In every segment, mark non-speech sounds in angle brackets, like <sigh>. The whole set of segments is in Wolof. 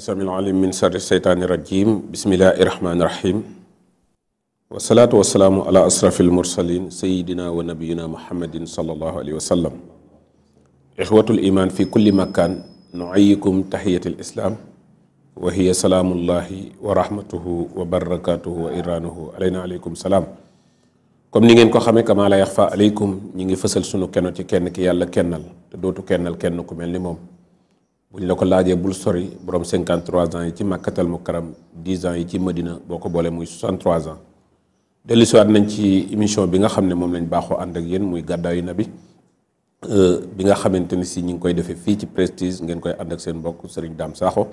السميع العليم من شر الشيطان الرجيم بسم الله الرحمن الرحيم والصلاة والسلام على أشرف المرسلين سيدنا ونبينا محمد صلى الله عليه وسلم إخوة الإيمان في كل مكان نعيكم تحية الإسلام وهي سلام الله ورحمته وبركاته وإيرانه علينا عليكم سلام كم نيجي نكو ko xamee لا يخفى عليكم نيجي فصل سنو fësal sunu keno ci kenn كنال yàlla kennal te dootu kennal buñ lako laajé bul sori borom 53 ans yi ci màkkatal mu karam 10 ans yi ci Medina boko bolé muy 63 ans wat nañ ci émission bi nga xamné mom lañ baxo ànd ak yéen muy gadda yu nabi euh bi nga xamanteni ni si ñu koy défé fi ci prestige ngeen koy ànd ak seen mbokk Serigne dam saxo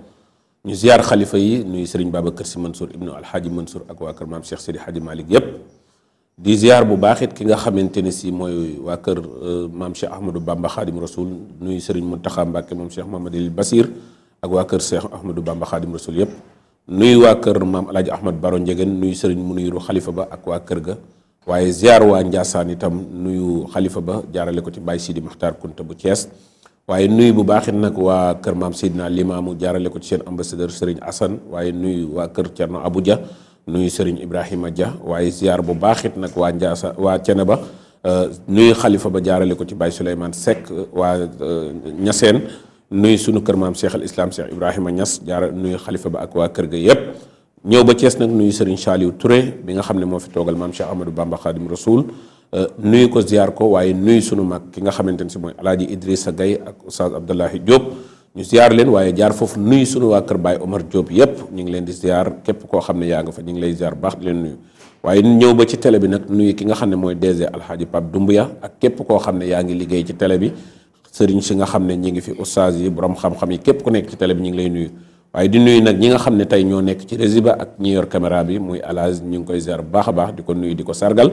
ñu ziar khalifa yi nuy Serigne Babacar si Mansour ibnu al hadji Mansour ak waa kër Cheikh Sidi Hadji malik yépp di ziar bu baax it ki nga xamante ne si mooy waa kër euh, maam Cheikh Ahmadou Bamba Khadim Rasoul nuyu Serigne Mountakha Mbacké moom Cheikh Mamadou Basir ak waa kër Cheikh Ahmadou Bamba Khadim Rasoul yëpp nuyu waa kër maam El Hadj Ahmad Baro Ndiéguène nuyu Serigne Muniru ba ak waa kër ga waaye ziar waa Ndiassane itam nuyu xalifa ba jaarale ko ci Baye Sidi bu Thiès waaye nuyu bu baax it nag waa kër maam Seydina Limaamu jaarale ko ci seen ambassadeur Serigne Assane waaye nuyu waa kër Thierno Abuja nuyu Serigne Ibrahima Dia waaye ziar bu baaxit nag waa Ndiassa waa Ceneba euh, nuyu xalifa ba jaarale ko ci Baye Souleymane Seck waa Ñaseen euh, nuyu sunu kër maam Cheikh al Islam Cheikh Ibrahima Niass nuyu xalifa ba ak waa kër ga yépp ñëw ba Thiès nag nuyu Serigne Saliou Touré bi nga xam ne moo fi toogal maam Cheikh Ahmadou Bamba Khadim Rasoul euh, nuyu ko ziar ko waaye nuyu sunu mag ki nga xamante ne si mooy El Hadj Idrissa gay ak Oustaz Abdoulahi Diop. ñu ziar leen waaye jaar foofu nuyu sunu waa kër Baye Omar Diop yépp ñu ngi leen di ziar képp koo xam ne yaa nga fa ñu ngi lay ziar baax di leen nuyu waaye ñëw ba ci télé bi nag nuyu ki nga xam ne mooy DG Alxaaji Pape Doumbouya ak képp koo xam ne yaa ngi liggéey ci télé bi sëriñ si nga xam ne ñi ngi fi oustaz yi borom xam-xam képp ku nekk ci télé bi ñu ngi lay nuyu waaye di nuyu nag ñi nga xam ne tey ñoo nekk ci régie ba ak ñi yor caméra bi muy Alaaji ñu ngi koy ziar bu baax a baax di ko nuyu di ko sargal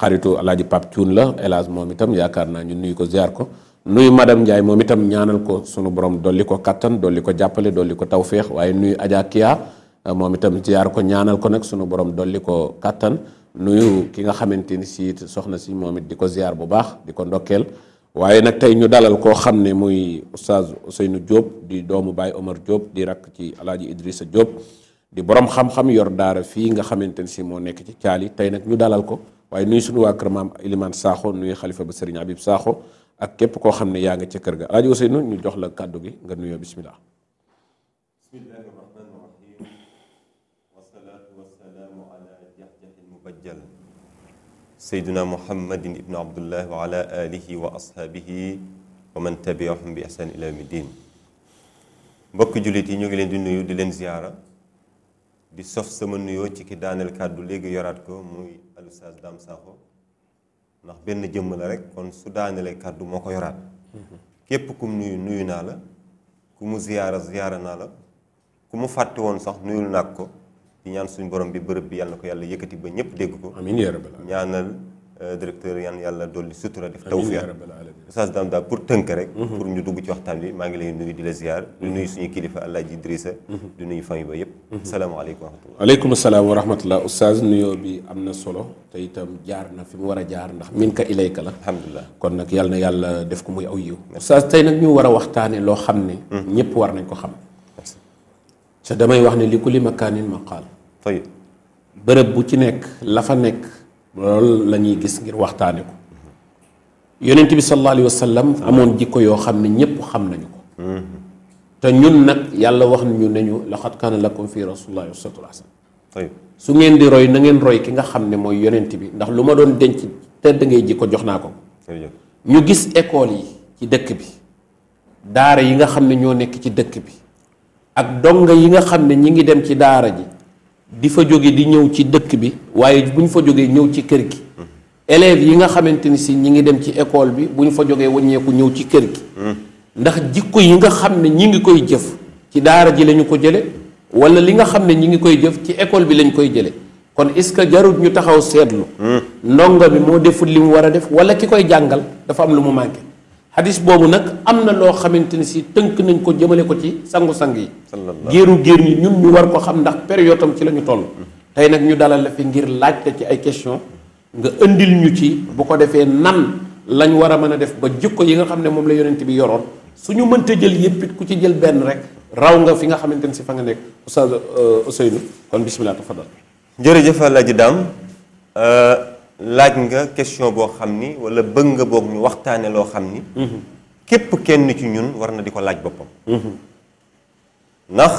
xaritu Alaaji Pape cuun la Elage moom itam yaakaar naa ñu nuyu ko ziar ko nuyu madame Ndiaye moom itam ñaanal ko sunu borom dolli ko kattan dolli ko jàppale dolli ko tawféex waaye nuyu Adja moom itam ziar ko ñaanal ko nag sunu borom dolli ko kattan nuyu ki nga xamante ni si soxna si moom it di ko ziar bu baax di ko ndokkeel. waaye nag tey ñu dalal koo xam ne muy oustaz Ousseynou Diop di doomu baay Omar Diop di rakk ci alaaj alaaji Idrissa Diop di borom xam-xam yor daara fii nga xamante ni si moo nekk ci caali tey nag ñu dalal ko waaye nuyu sunu waa kër maam Elimane Sakho nuyu xalifa ba Serigne Habib Sakho. ak képp koo xam ne yaa nga ca kër ga rajo Ousseynou ñu jox la kàddu gi nga nuyoo bismillah bismillahi rahmani rahim wasalaatu wasalaamu ala jaxjax mubajjal sayduna muhammadin ibnu abdullah wa ala alihi wa ashaabihi wa man tabiahum bi ihsan ila yawmi din mbokk jullit yi ñu ngi leen di nuyu di leen ziyaara di sof sama nuyoo ci ki daaneel kàddu léegi yoraat ko muy alustaas Dame Sakho ndax benn jëmm la rek kon su daaneelee kàddu moo ko yoraat képp kum nuyu nuyu naa la ku mu ziyaara ziyaara naa la ku mu fàtte woon sax nuyul naa ko di ñaan suñu borom bi bërëb bi yàlla ko yàlla yëkkati ba ñëpp dégg ko amiin yaa rabbal ñaanal directeur yan yàlla doli sutura def tawfiq oustaz damda pour teunk rek pour ñu dugg ci waxtan bi ma ngi lay nuyu di la ziar di nuyu suñu kilifa ji Idrissa di nuyu fami ba assalamu alaykum wa rahmatullah alaykum assalam wa rahmatullah oustaz nuyo bi amna solo te itam jaar na fi mu wara jaar ndax min ka ilayka la alhamdullah kon nak yàlla yàlla def ko muy aw yu oustaz tay nak ñu wara waxtane lo xamne ñëpp war nañ ko xam ca damay wax ne li kulli maqal maqaal bërëb bu ci nekk la fa nekk lool la ñuy gis ngir waxtaane ko yonent bi sallallahu alayhi wa sallam amoon jikko yoo xam ne ñëpp xam nañu ko te ñun nag yàlla wax nañu nañu laqad kaana lakum fi rasulillahi uswatun hasana su ngeen di roy na ngeen roy ki nga xam ne mooy yonent bi ndax lu ma doon denc tedd ngay jikko jox naa ko ñu gis école yi ci dëkk bi daara yi nga xam ne ñoo nekk ci dëkk bi ak donga yi nga xam ne ñi ngi dem ci daara ji di fa jóge di ñëw ci dëkk bi waaye bu ñu fa jógee ñëw ci kër gi élèves yi nga xamante ni si ñi ngi dem ci école bi bu ñu fa jógee waññeeku ñëw ci kër gi hmm. ndax jikko yi nga xam ne ñu ngi koy jëf ci daara ji lañu ko jële wala li nga xam ne ñi ngi koy jëf ci école bi lañ koy jële kon est-ce que jarut ñu taxaw seetlu hmm. ndongo bi moo deful li mu war a def wala ki koy jàngal dafa am lu mu manqué xadis boobu nag am na loo xamante ni si tënk nañ ko jëmale ko ci sangu-sang yi géeru géer ñi ñun ñu war ko xam ndax période am ci la ñu toll tey nag ñu dalal la fi ngir laajte ci ay question nga indil ñu ci bu ko defee nan lañ war a mën a def ba jikko yi nga xam ne moom la yonent bi yoroon suñu mënta jël yépp it ku ci jël benn rek raw nga fi nga xamante ni si fa nga nekk Oustaz euh, Ousseynou kon bismillah tafadal jërëjëf Alaaji Daam euh, laaj nga question boo xam ni wala bëgg nga boog ñu waxtaane loo xam ni mhm. képp kenn ci ñun war na di ko laaj boppam mhm. ndax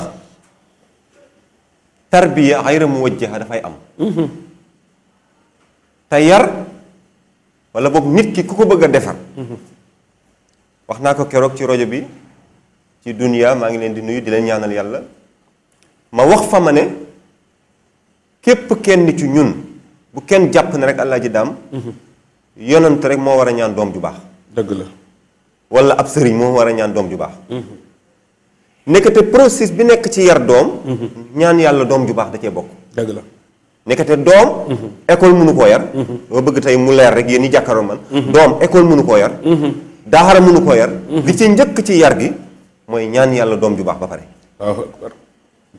tarbiya xayra muwajjaha dafay am mhm. te yar wala boog nit ki ku ko bëgg a defar wax naa ko keroog ci rajo bi ci dunia maa ngi leen di nuyu di leen ñaanal yàlla ma wax fa ma ne képp kenn ci ñun bu kenn jàpp ne rek alaaji daam mhm. yonent rek moo war a ñaan doom ju baax dëgg la wala ab sëriñ moo war a ñaan doom ju baax mhm. nekkate processus bi nekk ci yar doom mhm. ñaan yàlla doom ju baax da cee bokk dëgg la nekkate doom école mënu koo yar dama bëgg mu leer rek yéen ñi jàkkaaroo man doom école koo yar mënu koo yar li ci njëkk ci yar gi mooy ñaan yàlla doom ju baax ba pare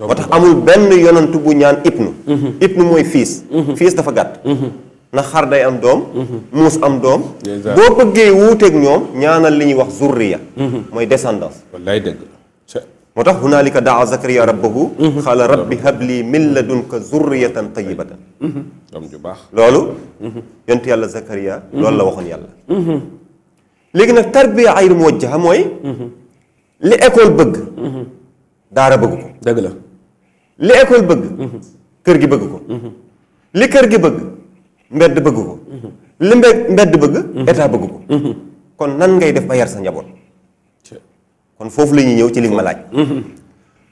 motax amul ben yonentou bu ñaan ibnu ibnu moy fils fils dafa gàtt na xar day am dom muus am dom bo boo bëggee ak ñom ñaanal liñ wax zurriya moy descendance wallaay deug motax hunalika daa zakariya rabbahu khala rabbi habli min ladunka zurriyatan tayyibatan dom ju bax lolu yontu yàlla zakariya lolu la waxon yàlla léegi nak tarbiya ayru muwajjaha moy li école bëgg dara bëgg ko dëgg la li école bëgg kër gi bëgg ko li kër gi bëgg mbedd bëgg ko li mbedd bëgg état bëgg ko kon nan ngay def ba yar sa njabot kon fofu la ñëw ci li nga ma laaj mhm.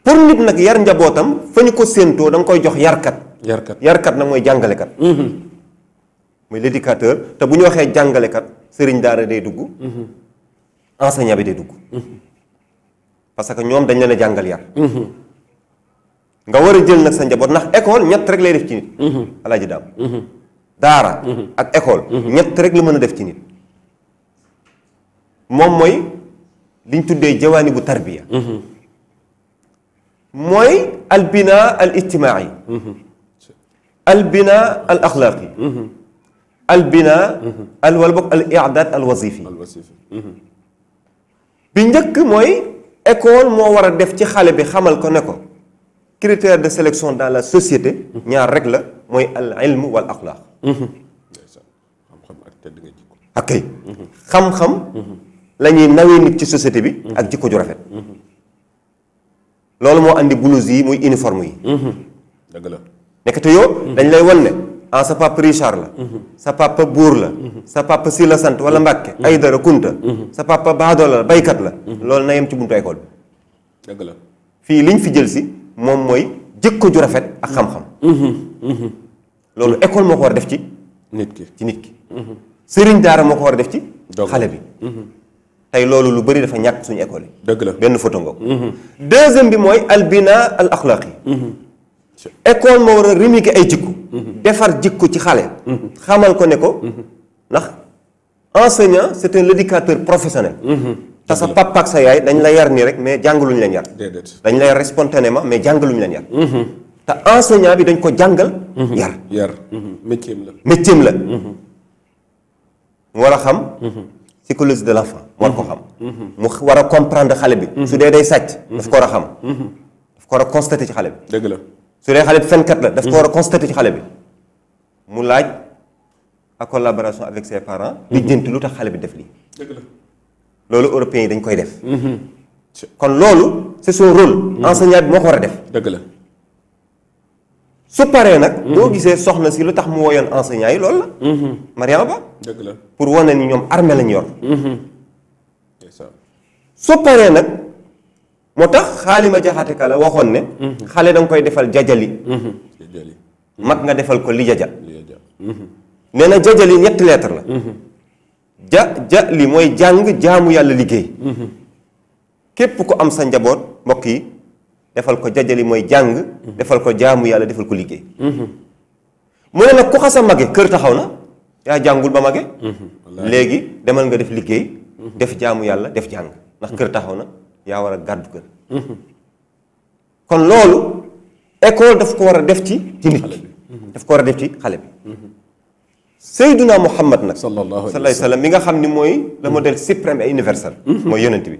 pour nit nag yar njabotam fa ko sento dang koy jox yarkat yarkat yarkat moy mooy kat, moy mhm. l'éducateur te buñu waxé waxee kat, sëriñ daara day dugg mhm. enseignant bi day dugg parce que ñoom dañ leen a jàngal yar. Mhm. nga war a jël nag sa njaboot ndax école ñett rek lay def ci nit. Mhm. alaaji daam. Mhm. daara. ak école. ñett rek la mën a def ci nit. moom mooy liñ tuddee jawaani bu tarbiya. mooy albina al ijtimaai. albina al al wala boog al i'daad al wazifi. bi njëkk mooy. école mo wara def ci xale bi xamal ko ne ko critère de sélection dans la société. ñaar rek la moy al ilm wal axlaaq. ak kay xam-xam. lañuy nawé nit ci société bi. ak jikko ju rafet. lolu mo andi blouse yi moy uniforme yi. deug la nekkati yow. dañ lay wan ah sa papa Richard la mhm. sa papa buur la mhm. sa papa si la sant wala mhm. Mbàkke ay dara kunta sa papa baadoola la baykat la loolu na yem ci buntu école bi dëgg la fii fi jël si moom mooy jikko ju rafet ak xam-xam loolu école moo ko war a def ci nit ki ci nit ki sëriñ daara moo ko war a def ci xale bi tey loolu lu bëri dafa ñàkk suñu école yi dëgg la benn photo nga deuxième bi mooy albina al axlaaqi école moo war a ay jikko defar jikko ci xale. xamal ko ne ko. ndax enseignant c'est un éducateur professionnel. ta sa papa ak sa yaay dañ la yar ni rek mais jàngaluñ len yar. dañ la yar spontanément mais jàngaluñ len yar. ta enseignant bi dañ ko jàngal. yar yar métier la. métier la. war xam. psychologie de l'enfant war ko xam. mu wara comprendre xale bi. su dé day sàcc. daf ko war xam. daf ko war constater ci xale bi. deug la su dé xale bi fenkat la. daf ko war constater ci xale bi. mu laaj a collaboration avec ses parents. Mhm. lijjanti lu tax xale bi def lii. loolu européens yi dañ koy def. Mhm. kon loolu c'est son rôle. Mhm. enseignant bi moo ko war a def. dëgg la. su paree nag. boo gisee soxna si lu tax mu woyoon enseignant yi loolu la. Mariama Ba. la pour wane ni ñoom armée lañ yor. su paree nag moo tax xaalima jaxate kala waxoon ne. xale danga koy defal jajali. mag nga defal ko li jaja. nee na jajali ñetti lettre la ja ja li mooy jàng jaamu yàlla liggéey mm-hmm. képp ku am sa njaboot mbokk yi defal ko jajali mooy jàng defal ko jaamu yàlla defal ko liggéey mu ne nag ku xasa mage kër taxaw na yaa jàngul ba mage léegi demal nga def liggéey def jaamu yàlla def jàng ndax kër taxaw na yaa war a gàddu kër kon loolu école daf ko war a def ci ci nit daf ko war a def ci xale bi Seyduna Muhammad nag sallallahu alayhi wa sallam mi nga xam ni mooy le modèle suprême et universel mooy yonent bi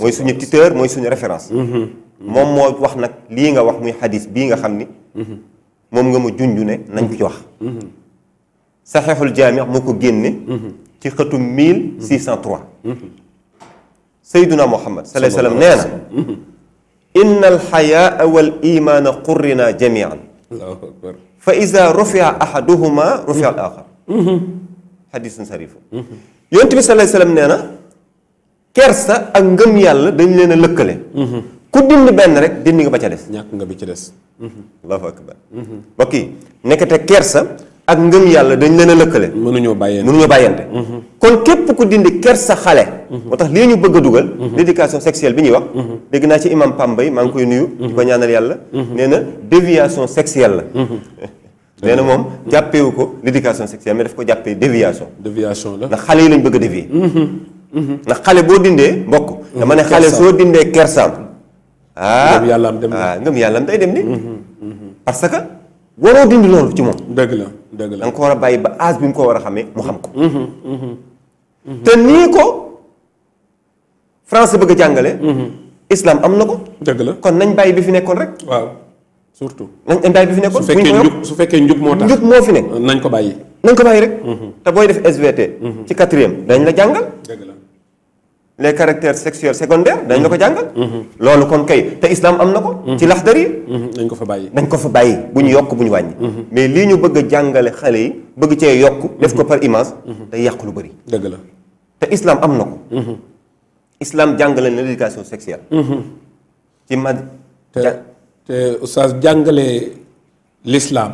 mooy suñu tuteur mooy suñu référence moom moo wax nag lii nga wax muy xadis bii nga xam ni moom nga ma junj ne nañ ko ci wax saxeexul jaami moo ko génne ci xëtu 1603 Seyduna Muhammad sallallahu alayhi wa sallam nee na inna al xayaa wal imaana qurrina jamian allahu akbar fa ida rufia ahaduhuma rufia al axar xadisun sarifu yonent bi sallallahu alayhi wasallam nee na kersa ak ngëm yàlla dañ leen a lëkkale ku dindi benn rek dindi nga ba ca des ñàkk nga ba ca des allahu akbar kersa ak ngëm yàlla dañ leen a lëkkale. mënuñoo bàyyante mënuñoo bàyyante. Mhm. kon képp ku dindi kersa xale. Mhm. moo tax lii ñu bëgg a dugal. Mhm. l'éducation sexuelle bi ñuy wax. dégg naa ci imam Pambay maa ngi koy nuyu. di ko ñaanal yàlla. nee na déviation sexuelle la. <laughs> nee na moom jàppewu ko l'éducation sexuelle mais daf ko jàppee déviation. déviation la ndax xale yi lañ bëgg a dévier. ndax xale boo dindee mbokk. dama ne xale soo dindee kersaam. ah ngëm yàllaam dem ah ngëm yàllaam day dem ni parce que waroo dindi loolu ci moom. dëgg la ko war a bàyyi ba âge bi mu ko war a xamee mu xam ko. Mm-hmm. Mm-hmm. Mm-hmm. te nii ko français bëgg a jàngale. islam am na ko. dëgg la kon nañ bàyyi bi fi nekkoon rek. waaw surtout. nañ bàyyi bi fi nekkoon su fekkee njub su fekkee njub moo tax njub moo fi nekk. nañ ko bàyyi. nañ ko bàyyi rek. te booy def SVT. ci quatrième dañ la jàngal. dëgg la. les caractères sexuels secondaires dañ lako jangal mm-hmm. mm-hmm. lolu kon kay te islam am na ko mm-hmm. ci lahdari dañ ko fa bayyi dañ ko fa bayyi bu yok buñu bu mais lii ñu bëgg jangalé xalé yi bëgg ci yok def ko par image yaq lu bari deug la te islam am islam jangalé na l'éducation sexuelle ci ma te te oustaz jangalé l'islam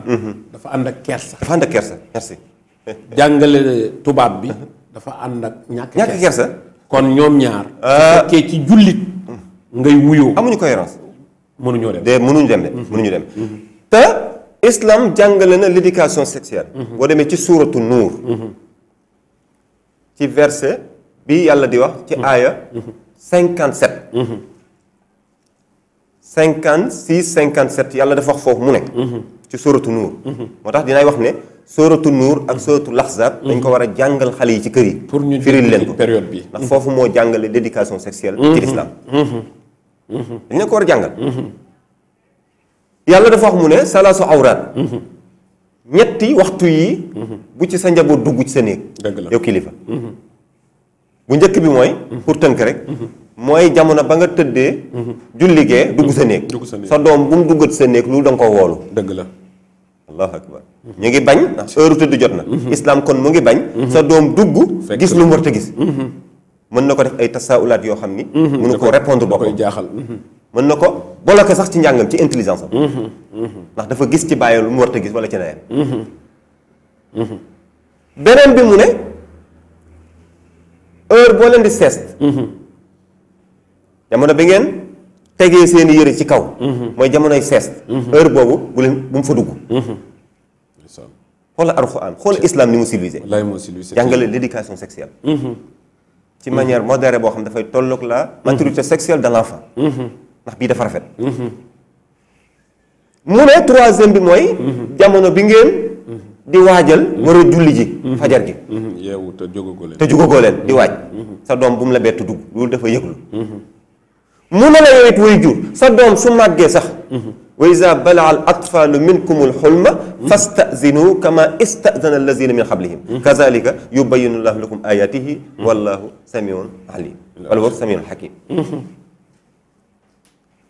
dafa and ak kersa dafa and ak kersa merci jangalé tubab bi dafa and ak ñak kersa kon ñoom ñaar. Ah. su fekkee ci jullit. ngay wuyoo amuñu cohérence. mënuñoo dem de mënuñu dem de mhm. dem. Mhm. te islam jàngale na l'éducation sexuelle. Mhm. boo demee ci suuratu nuur. ci verset bi yàlla di wax ci aaya. 57. 56 57 yàlla dafa wax foofu mu ne. ci suuratu nuur. moo tax dinaay wax ne. suratul nur ak suratul laxzaab dañ ko wara jangal jàngal yi ci kër yi pour ñu firil leen ko période bi ndax foofu moo jàngale l'éducation sexuelle ci mhm. l'islam hmm dañ leen ko war a jàngal mhm. yàlla dafa wax mu ne salaasu awraat ñetti waxtu yi bu ci sa njabo dugg ci sa néeg yow kilifa bu njëkk bi moy pour teunk rek moy jamono ba nga tëddee julligé dugg sa néeg sa dom bu mu duggat sa néeg lu dang ko wolu deug la allah akbar ñu ngi bañ ndax heure tëdd jot na mhm. islam kon mu ngi bañ mhm. sa doom dugg gis lu mu war a mhm. gis mën na ko def ay tasaawulaat yoo xam ni mënu ko répondre boppam jaaxal mën na ko bloqué sax ci njàngam ci intelligence am ndax dafa gis ci bàyyi lu mu war a gis wala ci nawet beneen bi mu ne heure boo leen di seest jamono bi ngeen tegee seeni yëre ci kaw mooy jamonoy seest heure boobu bu leen bu mu fa dugg خول القران خول الاسلام نيمو سيفيزي والله مو سيفيزي جانغال ليديكاسيون سيكسيال اها تي مانيير مودير بو خام دا فاي تولوك لا ماتوريتي سيكسيال دان لافا اها ناخ بي دا فارفيت اها مونيه ترويزيام بي موي جامونو بي نين دي واجال ورا جولي جي فجار جي ياو تا جوغوغولين تا دي واج سا دوم بوم لا بيت دوغ لول دا فاي ييغلو اها مونلا وإذا بلع الأطفال منكم الحلم فاستأذنوا كما استأذن الذين من قبلهم كذلك يبين الله لكم آياته والله سميع عليم والله سميع حكيم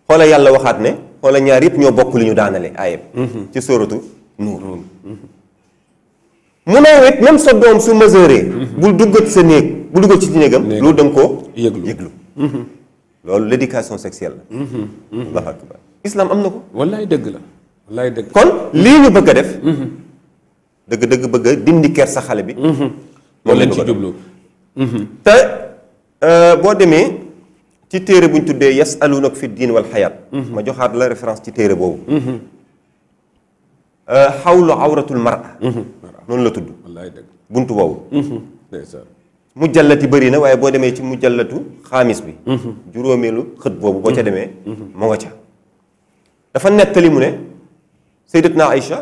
خلا يلا وخاتنا خلا نعرف نيو بقول نيو دانا لي آيب في سورة نور من أوقات نم صدام سو مزوري بول دوغت سنيك بول دوغت سنيكم لو دمكو يغلو يغلو لول ليديكاسيون سيكسيال الله أكبر islam amna ko. wallahi deug la wallahi deug kon li ñu bëgg def. deug deug bëgg dindi ker sa xale bi. mo leen ci djublu te bo démé ci téré buñ tuddé yasalunak fi din wal hayat ma joxaat la référence ci téere boobu. hawlu awratul mara. non la tudd. wallahi deug buntu boobu. mujallati bari na waye bo démé ci mujallatu khamis bi. juromelu xët bobu bo ca démé mo nga ca. dafa nettali mu ne sayyidatna Aïcha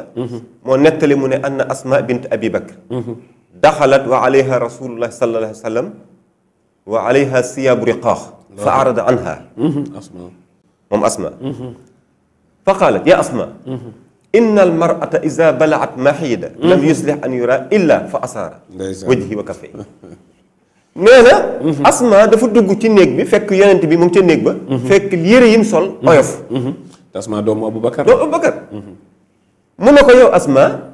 moo nettali mu ne anna asma bint abi bakr daxalat wa alayha rasulullah sallallahu alayhi wa sallam wa alayha siyaabu riqaax fa arada anha moom asma fa qaalat ya asma inna al mar'ata iza balaat mahida lam yuslih an yura illa fa asaara wajhi wa kafay nee na asma dafa dugg ci néeg bi fekk yonent bi mu ngi ca néeg ba fekk yére yim sol oyof asma doomu Aboubacar. doomu Aboubacar. mu ne ko yow asma.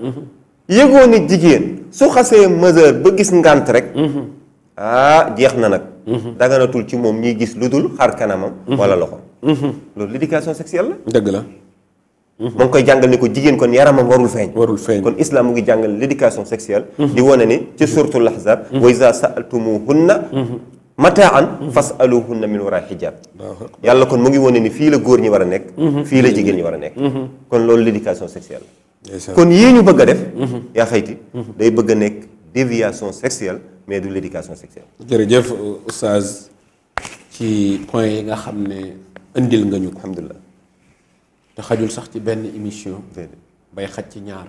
yëgoo ni jigéen su xasee majeur ba gis ngànt rek. ah jeex na nag. daganatul ci moom ñuy gis lu dul xar kanamam. wala loxo. loolu l'éducation sexuelle la. dëgg la. moo ngi koy jàngal ni ko jigéen kon yaramam warul feeñ. warul feeñ kon islam mu ngi jàngal l'éducation sexuelle. di wane ni ci suuratul ahzab. wa iza sa'altumuhunna mi fasaluhunna min a hijab yàlla kon mu ngi wone ni fii la góor ñi war a nekk mhm. fii la jigéen ñi war a nekk mhm. kon loolu l'éducation sexuelle kon yi ñu bëgg a def mhm. yaa xayti day bëgg a nekk déviation sexuelle mais du l'éducation sexuelle jërëjëf oustaz ci point yi nga xam ne indil nga ñu ko alhamdulilah te xajul sax ci benn émission bay xaj ci ñaar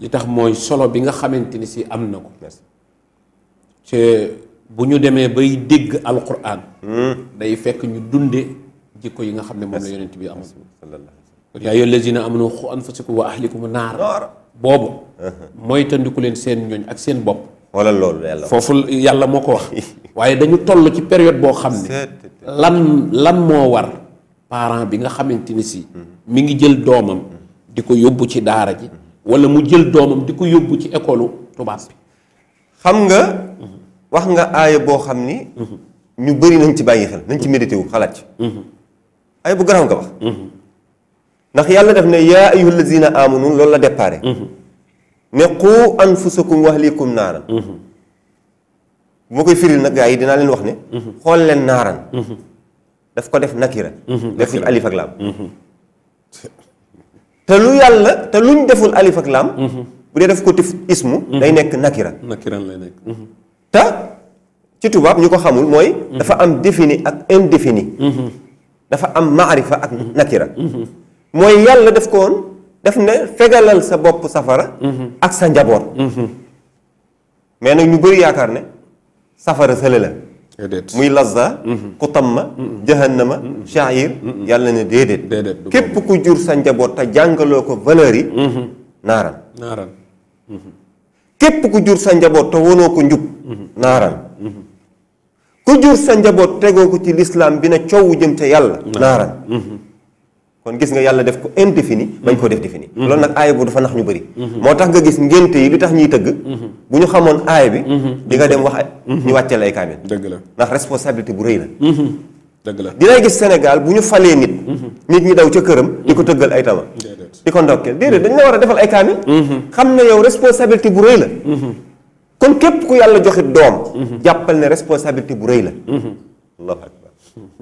li tax mooy solo bi nga xamante ni si am na ko bu ñu demee bay dégg alquran day fekk ñu dunde jikko yi nga xam ne moom la yonent bi amoon yaa ayyuha allazina amanu xu anfusakum ko ahlikum naar boobu uh-huh. mooy tandiku leen seen ñooñ ak seen bopp wala loolu yàlla foofu yàlla moo ko wax <laughs> waaye dañu toll ci période boo xam ne lan lan moo war parent bi nga xamante ni si uh-huh. mi ngi jël doomam uh-huh. di ko yóbbu ci daara ji wala mu jël doomam di ko yóbbu ci école tubaab bi xam nga wax nga aaya boo xam ni ñu bëri nañ ci bàyyi xel nañ ci médité wu xalaat ci aaya bu garaaw nga wax ndax yàlla def ne yaa ayuha amanu loolu la déparé ne qu anfusakum wa ahlikum naaran bu koy firil nag gaa yi leen wax ne xool leen naaran daf ko def nakira def ci alif ak laam te lu yàlla te luñ deful alif ak laam bu dee ko tif ismu day nekk nakira nakiran lay nekk te ci tubaab ñu ko xamul mooy. dafa am defini ak indéfini. dafa am maarifa ak nakira. mooy yàlla def koon def ne fegalal sa bopp safara. ak sa njaboot. mais nag ñu bëri yaakaar ne safara sële la. muy lazza mhm. kutamma mhm. jahannama mhm. sha'ir yàlla ne déedéet képp ku jur sa njaboot te jàngaloo ko valeur yi naaran naaran képp ku jur sa njaboot te wonoo ko njub naaraan ku jur sa njaboot tegoo ko ci lislaam bi na coow jëm te yàlla naaraan kon gis nga yàlla def ko indéfini bañ koo def défini loolu nag aaya bu dafa nax ñu bëri moo tax nga gis ngénte yi li tax ñuy tëgg bu ñu xamoon aaya bi di nga dem wax ñu wàccee ay kaamil dëgg la ndax responsabilité bu rëy la dëgg la dinay gis Sénégal bu ñu falee nit nit ñi daw ca këram di ko tëggal ay tama di ko ndokkeel dañ la war defal ay kaamil xam yow responsabilité bu rëy la kon képp ku yàlla joxe doom jàppal ne responsabilité bu rëy la allahu akbar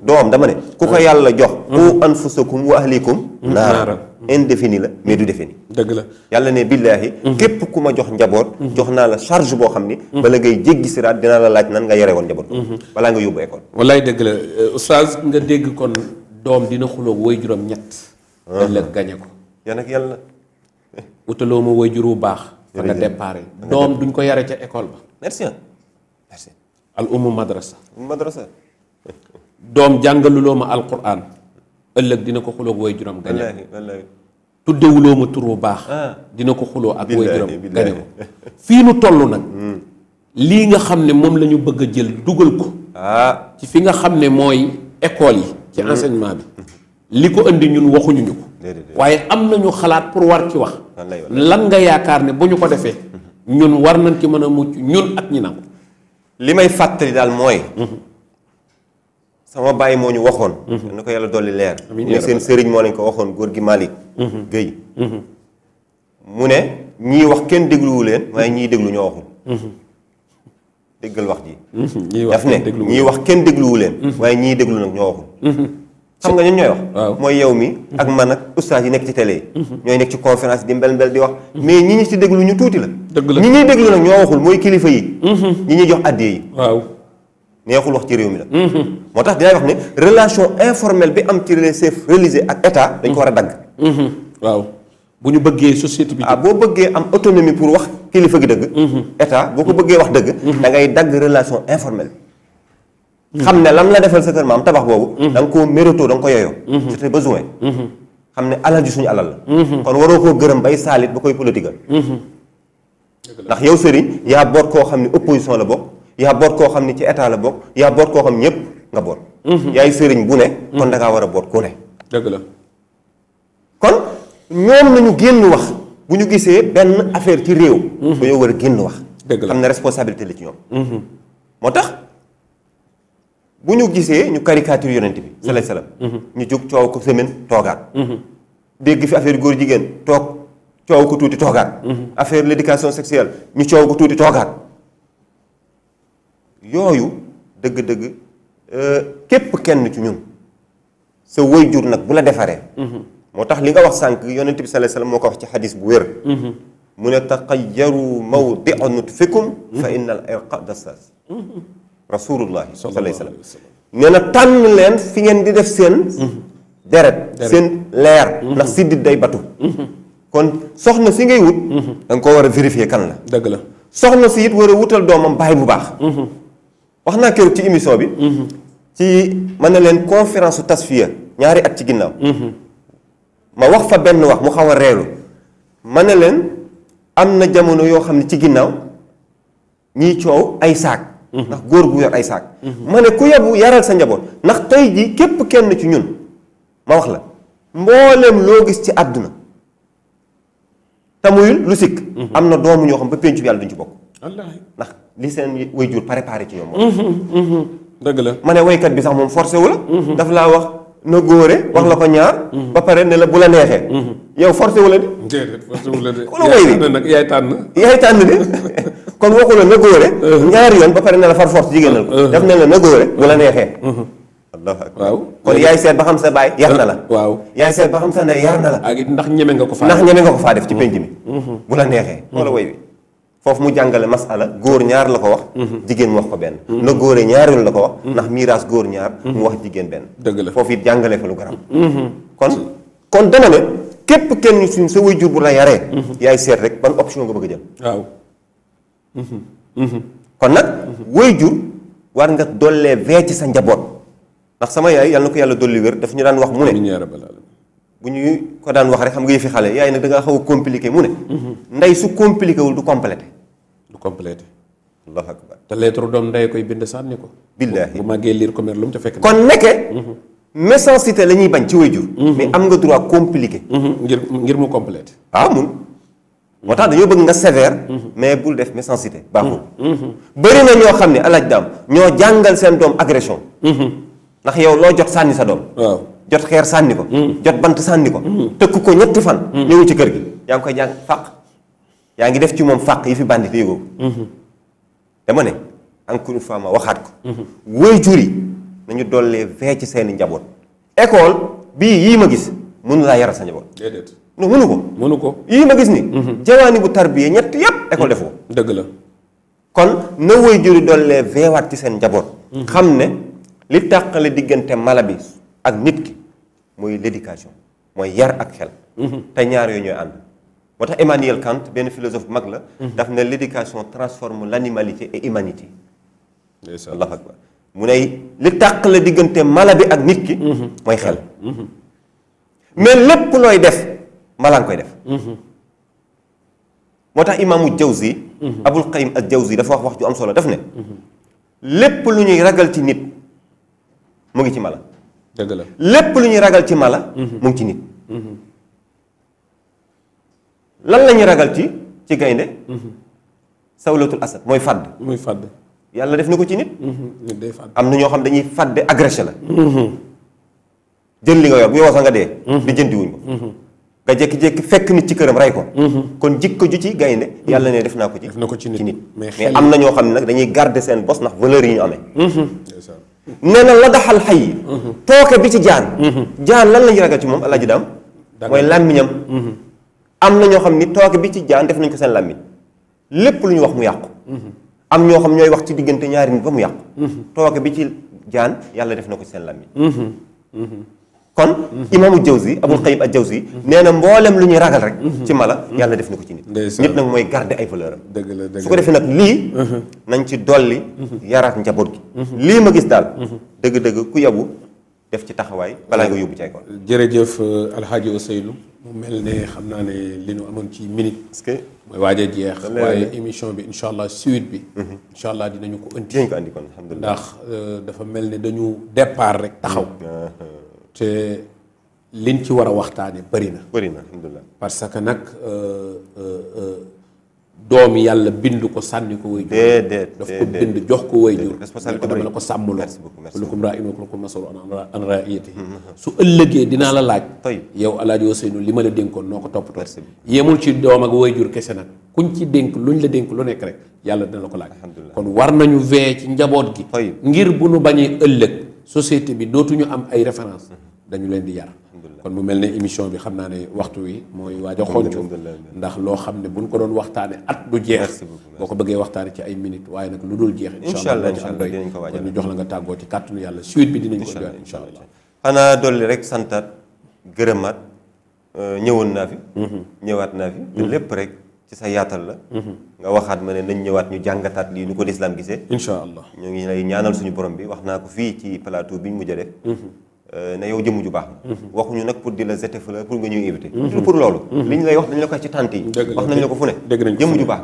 doom dama ne ku ko yàlla jox ku anfusakum wa ahlikum naara indéfini la mais du défini dëgg la yàlla ne billaahi képp ku ma jox njaboot jox la charge boo xam bala ngay jéggi siraat dinaa la laaj nan nga yore woon njaboot balaa nga yóbbu école wallaay dëgg la oustaz nga dégg kon doom dina xuloo woy juróom ñett ëllëg ko yan ak yàlla utaloo ma wajur wu baax fa nga déparé doom duñ ko yare ca école ba merci merci al umu madrasa doom jàngaluloo ma alquran ëllëg dina ko xuloog waajuram gañe tuddewuloo ma tur wu baax ah. dina ko xuloo ak waajuram gañe ko fii nu toll nag hmm. lii nga xam ne moom lañu bëgg a jël dugal ko ah. ci fi nga xam ne mooy école yi ci hmm. enseignement bi li ko indi ñun waxuñu ñu ko. waaye am na ñu xalaat pour war ci wax. lan nga yaakaar ne bu ñu ko defee. Mhm. ñun war nañ ci mën a mucc ñun ak ñi nangu. li may fàttali daal mooy. Mhm. sama bàyyi moo ñu waxoon. Mhm. na ko yàlla dolli leer. amiin seen sëriñ moo lañ ko waxoon góor gi Malick. Guèye. mu ne ñii wax kenn dégluwu leen waaye ñii déglu ñoo waxul. déggal wax ji. ñii wax daf ne wax kenn dégluwu leen. waaye ñii déglu ñoo waxul. xam nga ñun ñooy wax. waaw mooy yow mi ak man ak ustaas yi nekk ci télé yi. Mhm. ñooy nekk ci conférence di mbel mbel di wax. Mhm. mais ñi ñu ci déglu ñu tuuti la. dëgg la ñi ñuy déglu nag ñoo waxul mooy kilifa yi. Mhm. ñi ñuy jox addiya yi. waaw neexul wax ci réew mi la. moo tax dinaay wax ne relation informelle bi am ci les chefs religieux ak état. dañ ko war a dagg. waaw bu ñu bëggee société bi. ah boo bëggee am autonomie pour wax kilifa gi dëgg. état boo ko bëggee wax dëgg. da ngay dagg relation informelle xam ne lan la defal sa kër maam tabax boobu mhm. da nga koo mérito da nga ko yoyoo c'est tes xam ne alal ji suñu alal la mhm. kon waroo koo gërëm bay saalit ba koy politique mhm. ndax yow sëriñ yaa boot koo xam ne opposition la bokk yaa boot koo xam ne ci état la bokk yaa boot koo xam ñëpp nga boot yaay sëriñ bu ne kon da war a boot koo ne la kon ñoom nañu génn wax bu ñu gisee benn affaire ci réew dañoo war a génn wax dëgg la xam ne responsabilité la ci ñoom bu ñu gisee ñu caricature yonent bi sallallahu alayhi mm-hmm. Mm-hmm. ñu jóg coow ko semaine toogaat mm-hmm. dégg fi affaire góor jigéen toog coow ko tuuti toogaat affaire l'éducation sexuelle ñu coow ko tuuti toogaat yooyu dëgg-dëgg euh, képp kenn ci ñun sa waajur nag bu la defaree moo tax li nga wax sànq yonent bi sallallahu alayhi wasallam moo ko wax ci xadis bu wér mu ne taqayyaru mawdi'a nutfikum fa inna al irqa dassas rasulullahi sallallahu alayhi wa sallam nee na tànn leen fi ngeen di def seen mhm. deret seen leer mhm. ndax siddit day batu mhm. kon soxna si ngay wut da nga ko war a vérifier kan la dëgg la soxna si it war a wutal doomam baay bu baax wax naa keroog ci émission bi ci ma ne leen conférence tasfiya ñaari at ci ginnaaw ma wax fa benn wax mu xaw a reelu ma ne leen am na jamono yoo xam ne ci ginnaaw ñiy coow ay saak ndax góor gu yor ay saak. ma ne ku yabu yaral sa njaboot ndax tey jii képp kenn ci ñun ma wax la mboolem loo gis ci àdduna te muyul lu sikk. am na doomu ñoo xam ba pencu yàlla duñ ci bokk. ndax li seen way jur préparé ci ñoom. Mhm, mhm. dëgg la ma ne waykat bi sax moom forcé wu la. Mhm. daf laa wax na góore wax la ko ñaar. ba pare ne la bu la neexee. yow forcé la de. déedéet la de. yaay yaay tànn. yaay tànn de. <laughs> kon waxu la na góore uh-huh. ñaari yoon ba pare ne la far jigéenal ko uh-huh. def ne la na la neexee uh-huh. allahu akbar kon yaay seet ba xam sa baay yar na la yaay seet ba xam sa ndey yar na la ak ndax ñeme nga ko faa ndax ñeme ko faa def ci pénc mi bu la neexee wala woy wi foofu mu jàngale masala góor ñaar la ko wax jigéen mu wax ko benn na góore ñaar yoon la ko wax ndax miiras góor ñaar mu wax jigéen benn dëgg la foofu it jàngale fa lu garab kon kon dama ne képp kenn suñ sa waajur bu la yaree yaay seet rek ban kon nag woy jur war nga dollee vee ci sa njaboot ndax sama yaay yàlla na ko yàlla dolli wér daf ñu daan wax mu ne bu ñuy ko daan wax rek xam nga yëfi xale yaay nag da xaw a compliqué mu ne du complété du complété allahu akbar te lettre doom koy bind sànni ko billaahi bu màggee ko mer lu mu ca fekk kon nekke méchanceté la ñuy bañ ci way jur mhm. mais am nga droit compliqué mhm. ngir ngir mu complété ah mun motax tax bëgg nga sévère. Mm-hmm. mais bul def méchanceté baaxul. Mm-hmm. Mm-hmm. bëri na ñoo xam ne alaaj daam ñoo jàngal seen doom agression. ndax yow loo jot sànni sa doom. jot xeer sànni ko. jot bant sànni ko. tëkk ko ñetti fan. ñëw ci kër gi yaa ngi koy jàng fàq. yaa ngi def ci moom fàq yi fi bandi di yëgoo. dama ne encore une fois ma waxaat ko. woy jur yi nañu dollee vee ci i njaboot. école bii yii ma gis mënu laa yaral sa njaboot. non mënu ko mënu ko yi ma gis ni mhm. jawaani bu tarbiye ñett yépp école mhm. defo deug la kon na woy juri dolé veewaat ci sen njaboot mhm. xamné li tàqale digënté mala ak nit ki l'éducation moy yar ak xel te ñaar yo ñoy ànd motax Emmanuel Kant benn philosophe mag la daf ne l'éducation transforme l'animalité et humanité Allah akbar mu né li tàqale digënté malabi ak nit ki xel mais lepp looy def malaa nga koy def moo tax imaamu Jawzi Abul Qayyim al-Jawzi dafa wax wax ju am solo def ne lépp lu ñuy ragal ci nit mu ngi ci mala dëgg la lépp lu ñuy ragal ci mala mu ngi ci nit lan lañuy ragal ci ci gaynde sawlatul asad mooy fàdd mooy fàdd yàlla def na ko ci nit am na ñoo xam dañuy fàdde agressé la mhm. jël li nga yor bu yow sax nga dee di mhm. jëndiwuñ ko mhm. nga jékki-jékki fekk nit ci këram rey ko kon jikko ju ci gaynde yàlla ne def naa ko ci def na ko ci nit mais am na ñoo xam ne nag dañuy garder seen bos ndax valeur yi ñu amee nee na la daxal xay yi tooke bi ci jaan jaan lan lañu ragal ci moom alaaji daam mooy làmmiñam am na ñoo xam ni tooke bi ci jaan def nañ ko seen làmmiñ lépp lu ñu wax mu yàqu am ñoo xam ñooy wax ci diggante ñaari nit ba mu yàqu tooke bi ci jaan yàlla def na ko ci seen làmmiñ kon imaamu Jawzi Abul Qayyim al-Jawzi nee na mboolem lu ñuy ragal rek ci mala yàlla def na ko ci nit nit nag mooy garder ay valeur am dëgg la dëgg su ko defee nag lii nañ ci dolli yaraat njaboot gi lii ma gis daal dëgg-dëgg ku yabu def ci taxawaay balaa nga yóbbu ci école jërëjëf Alxaaji Ousseynou mu mel ne xam naa ne li ñu amoon ci minute parce que mooy waaj a jeex waaye émission bi incha allah suite bi incha allah dinañu ko indi dinañ ko indi kon alhamdulilah ndax dafa mel ne dañu départ rek taxaw te liñ ci war a waxtaane bëri na bëri na parce que nag euh, euh, euh, doomi yàlla bind ko sànni ko way jur daf ko bind jox ko way jur dama la ko sàmmloo kulukum raa in wa kulukum masul an raiyatihi mm-hmm, mm-hmm. su ëllëgee dinaa la laaj yow alaaji Ousseynou li ma la dénkoon noo ko toppatoo yemul ci doom ak way jur kese nag ku kuñ ci dénk luñ la dénk lu nekk rek yàlla dina la ko laaj kon war nañu veye ci njaboot gi ngir bu nu bañee ëllëg société bi dootuñu am ay référence mhm. dañu leen di yar kon mu mel ne émission bi xam naa ne waxtu wi mooy waaj a xoncu ndax loo xam ne buñ ko doon waxtaane at du jeex boo ko bëggee waxtaane ci ay minutes waaye nag lu dul jeex incha allah ci am doy kon ñu jox la nga tàggoo ci kàttanu yàlla suite bi dinañ ko joxe incha allah xanaa dolli rek santaat gërëmaat euh, ñëwoon naa fi mhm. ñëwaat naa fi mhm. lépp rek ci sa yaatal la. Mhm. nga waxaat ma ne nañ ñëwaat ñu jàngataat lii nu ko lislaam gisee. incha allah ñu ngi lay ñaanal suñu borom bi wax naa ko fii ci plateau bi ñu mujj Euh, ne yow jëmm ju baax mhm. waxuñu nag pour di la zete fa pour nga ñuy éviter mhm. pour loolu mhm. li ñu lay wax dañ la koy ci tànt yi wax nañ la ko fu ne jëmm ju baax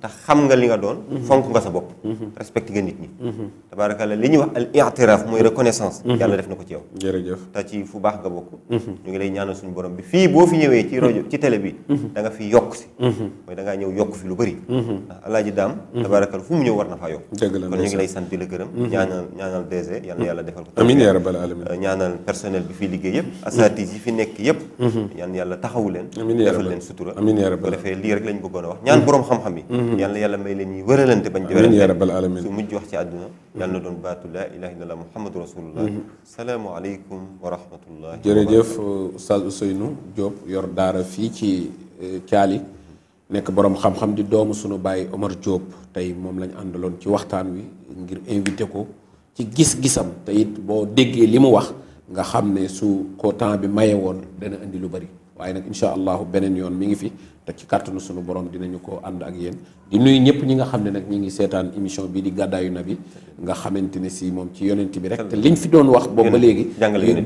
te xam nga li nga doon fonk nga sa bopp respecté nga nit ñi tabaarakallah li ñuy wax al i'tiraf mooy reconnaissance yàlla def na ko ci yow te ci fu baax nga bokk ñu ngi lay ñaanal suñu borom bi fii boo fi ñëwee ci rajo bi da fi yokk si mooy da ñëw yokk fi lu bëri ndax alaaji daam ñaanal personnel bi fiy liggéey yëpp asatis yi fi nekk yëpp yal na yàlla taxawu leen defal leen sutura bu defee lii rek lañ bëggoon a wax ñaan boroom xam-xam yi yal na yàlla may leen ñuy wëralante bañ jëwerante su mujj wax ci àdduna yal na doon baatu laa ilaha illallah muhammadu rasulullah salaamu aleykum wa rahmatullah jërëjëf Oustaz Ousseynou Diop yor daara fii ci Thialy nekk boroom xam-xam di doomu sunu bàyyi Omar Diop tey moom lañ àndaloon ci waxtaan wi ngir invité ko ci gis-gisam te it boo déggee li mu wax nga xamne su ko temps bi maye woon dana andi lu bari waye nak inshallah benen yon mi ngi fi te ci kàttanu sunu borom dinañu ko ànd ak yéen di nuyu ñëpp ñi nga xam ne nag ñi ngi seetaan émission bi di gàddaayu nabi nga xamante ne si moom ci yonent bi rek te liñ fi doon wax boobu ba léegi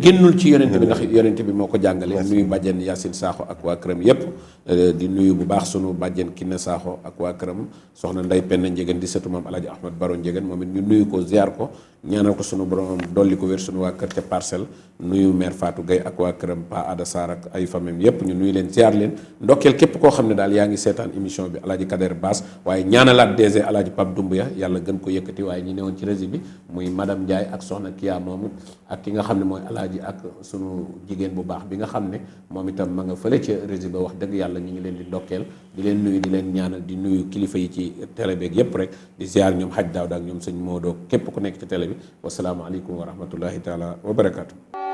génnul ci yonent bi ndax yonent bi moo ko jàngale nuyu bàjjen Yacine Sakho ak waa këram yépp euh, di nuyu bu baax sunu bàjjen Kiné Sakho ak waa këram soxna Ndey Penn Njegen di sëtu maam Alaaji Ahmad Baro Njegen moom it ñu nuyu ko ziar ko ñaanal ko sunu borom dolli ko wér sunu waa kër ca parcelle nuyu maire Fatou Gueye ak waa këram Pa Ada Sarr ay famem yépp ñu nuyu leen ziar leen xam ne daal yaa ngi seetaan émission bi alaaji Kader Bass waaye ñaanalaat DG alaaji Pape Doumbouya yàlla gën ko yëkkati waaye ñi woon ci régie bi muy madame Ndiaye ak soxna Kia moom ak ki nga xam ne mooy alaaji ak sunu jigéen bu baax bi nga xam ne moom itam ma nga fële ca régie ba wax dëgg yàlla ñu ngi leen di ndokkeel di leen nuyu di leen ñaanal di nuyu kilifa yi ci télé beeg yépp rek di ziar ñoom xaj daaw daak ñoom sëñ Modou képp ku nekk ci télé bi wasalaamaaleykum wa rahmatullahi taala wa barakaatu